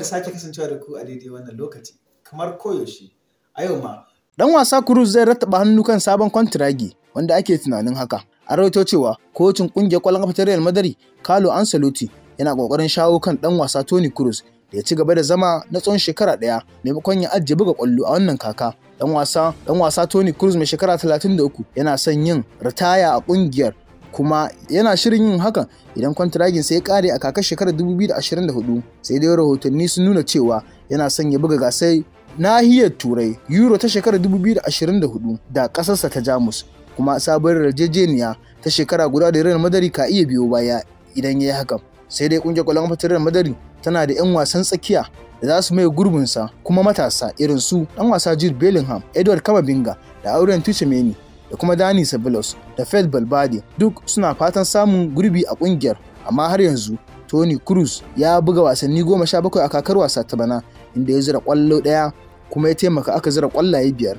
da sake kasancewa da ku a daidai wannan lokaci, kamar koyaushe, a yau ma. Dan wasa Cruz zai rattaba hannu kan sabon kwantiragi wanda ake tunanin haka. An rawaito cewa kocin kungiyar kwallon kafa ta Real Madrid, Carlo Ancelotti, yana kokarin shawo kan dan wasa Toni Cruz da ya ci gaba da zama na tsawon shekara ɗaya maimakon ya ajiye buga kwallo a wannan kaka. Dan wasa, dan wasa Toni Cruz mai shekara 33 yana son yin ritaya a kungiyar kuma yana shirin yin hakan idan kwantiragin sai ya kare a kakar shekarar 2024 sai dai rahotanni sun nuna cewa yana son ya buga gasar nahiyar turai euro ta shekarar 2024 da ƙasarsa ta jamus kuma sabon yarjejeniya ta shekara guda da real madari ka iya biyo baya idan ya yi hakan sai dai kungiyar kwallon kafa real madari tana da 'yan wasan tsakiya da za su mai gurbinsa kuma matasa irin su Ɗan wasa jude bellingham edward kamabinga da auren tuchemeni da kuma Dani Sabilos da Fed Balbade duk suna fatan samun gurbi a kungiyar amma har yanzu Tony Cruz ya buga wasanni goma sha bakwai a kakar wasa ta bana inda ya zira kwallo ɗaya kuma ya taimaka aka zira kwallaye biyar.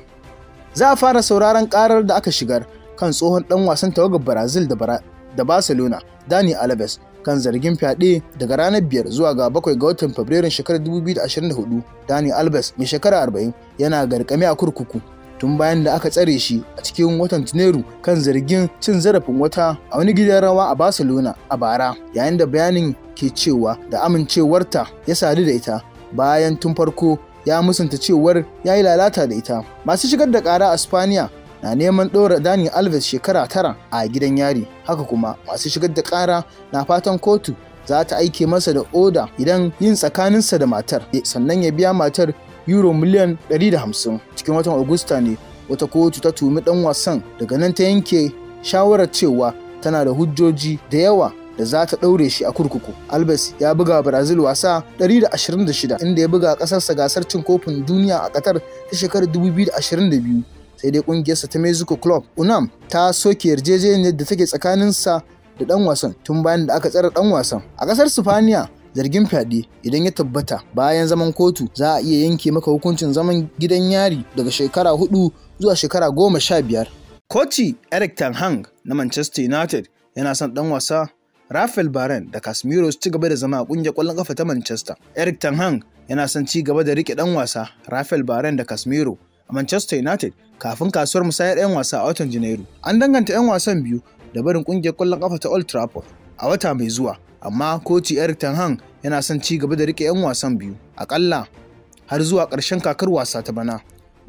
Za a fara sauraron karar da aka shigar kan tsohon ɗan wasan tawagar Brazil da, da Barcelona Dani Alves kan zargin fyaɗe daga ranar biyar zuwa ga bakwai ga watan Fabrairun shekarar 2024 Dani Alves mai shekara 40 yana garkame a kurkuku tun bayan da aka tsare shi a cikin watan tuneru kan zargin cin zarafin wata a wani gidan rawa a Barcelona a bara yayin da bayanin ke cewa da amincewarta ya sadu da ita bayan tun farko ya musanta cewar ya yi lalata da ita masu shigar da kara a Spaniya na neman ɗora Dani Alves shekara tara a gidan yari haka kuma masu shigar da kara na fatan kotu za ta aike masa da oda idan yin tsakaninsa da matar sannan ya biya matar euro miliyan 150 cikin watan Agusta ne wata kotu ta tumi dan wasan daga nan ta yanke shawarar cewa tana da hujjoji da yawa da za ta ɗaure shi a kurkuku. Albes ya buga Brazil wasa 126 inda ya buga ƙasarsa gasar cin kofin duniya a Qatar ta shekarar 2022. Sai dai ƙungiyarsa ta Mexico Club UNAM ta soke yarjejeniyar da take tsakanin sa da ɗan wasan tun bayan da aka tsare ɗan wasan. A ƙasar Sifaniya zargin fyaɗe idan ya tabbata bayan zaman kotu za a iya yanke maka hukuncin zaman gidan yari daga shekara hudu zuwa shekara goma sha biyar. Koci Eric Ten Hag na Manchester United yana son ɗan wasa Rafael baran da Casemiro su ci gaba da zama a ƙungiyar ƙwallon ƙafa ta Manchester. Eric Ten Hag yana son ci gaba da rike ɗan wasa Rafael baran da Casemiro a Manchester United kafin kasuwar musayar 'yan wasa a watan Janairu. An danganta 'yan wasan biyu da barin ƙungiyar ƙwallon kafa ta Old Trafford a wata mai zuwa. amma koci Eric Ten Hag yana son ci gaba da rike 'yan wasan biyu akalla har zuwa ƙarshen kakar wasa ta bana.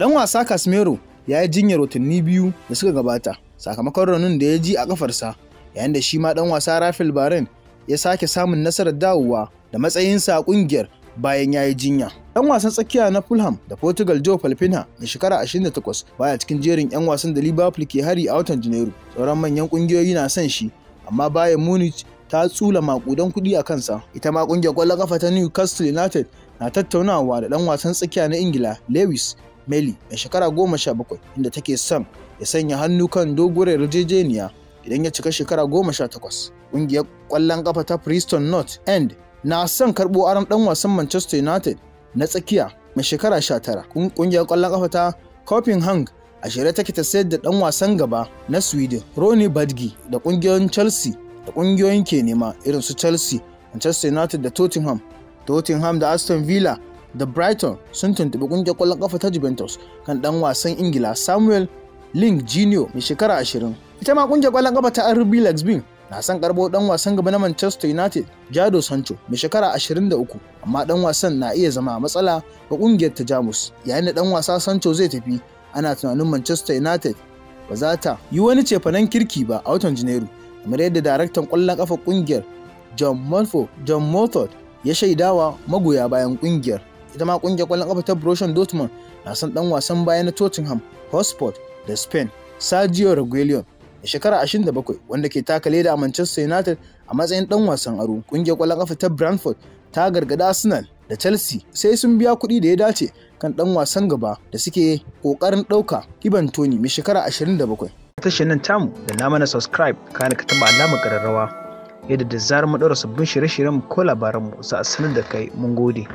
Dan wasa Casemiro ya yi jinyar watanni biyu da suka gabata sakamakon raunin da ya ji a kafarsa yayin da shi ma dan wasa Rafael Varane ya sake samun nasarar dawowa da matsayinsa a ƙungiyar bayan ya yi jinya. Dan wasan tsakiya na Fulham da Portugal Joe Palpina mai shekara 28 baya cikin jerin 'yan wasan da Liverpool ke hari a watan Janairu. Sauran manyan ƙungiyoyi na son shi amma Bayern Munich ta tsula makudan kuɗi a kansa ita ma ƙungiyar ƙwallon kafa ta newcastle united na tattaunawa da ɗan wasan tsakiya na ingila lewis meli mai shekara goma sha bakwai inda take son ya sanya hannu kan doguwar yarjejeniya idan ya cika shekara goma sha takwas ƙungiyar ƙwallon kafa ta preston north end na son karɓo aron ɗan wasan manchester united na tsakiya mai shekara sha tara ƙungiyar ƙwallon kafa ta copenhagen a shirye take ta sayar da ɗan wasan gaba na sweden ronnie badgi da ƙungiyar chelsea da ƙungiyoyin ke nema irin su Chelsea, Manchester United da Tottenham. Tottenham da Aston Villa da Brighton sun tuntuɓi ƙungiyar ƙwallon ƙafa ta Juventus kan ɗan wasan Ingila Samuel Link Junior mai shekara 20. Ita ma ƙungiyar ƙwallon ƙafa ta RB Leipzig na san karbo ɗan wasan gaba na Manchester United Jado Sancho mai shekara uku amma ɗan wasan na iya zama matsala ga ƙungiyar ta Jamus yayin da dan wasa Sancho zai tafi ana tunanin Manchester United ba za ta yi wani cefanen kirki ba a watan Janairu kamar yadda daraktan ƙwallon ƙafa kungiyar john Monfort, john Mothod ya shaidawa magoya bayan ƙungiyar ita ma ƙungiyar ƙwallon ƙafa ta Borussia Dortmund na son ɗan wasan baya na Tottenham Hotspur da Spain Sergio Reguilon da shekara 27 wanda ke taka leda a Manchester United a matsayin ɗan wasan aro ƙungiyar ƙwallon kafa ta Brentford ta gargada Arsenal da Chelsea sai sun biya kuɗi da ya dace kan ɗan wasan gaba da suke ƙoƙarin ɗauka kiban Toni mai shekara 27. tashar nan tamu da na mana subscribe kana ka taba alamar kararrawa yadda da zarar mu daura sabbin shirye-shiryen ko labaran mu za a sanar da kai mun gode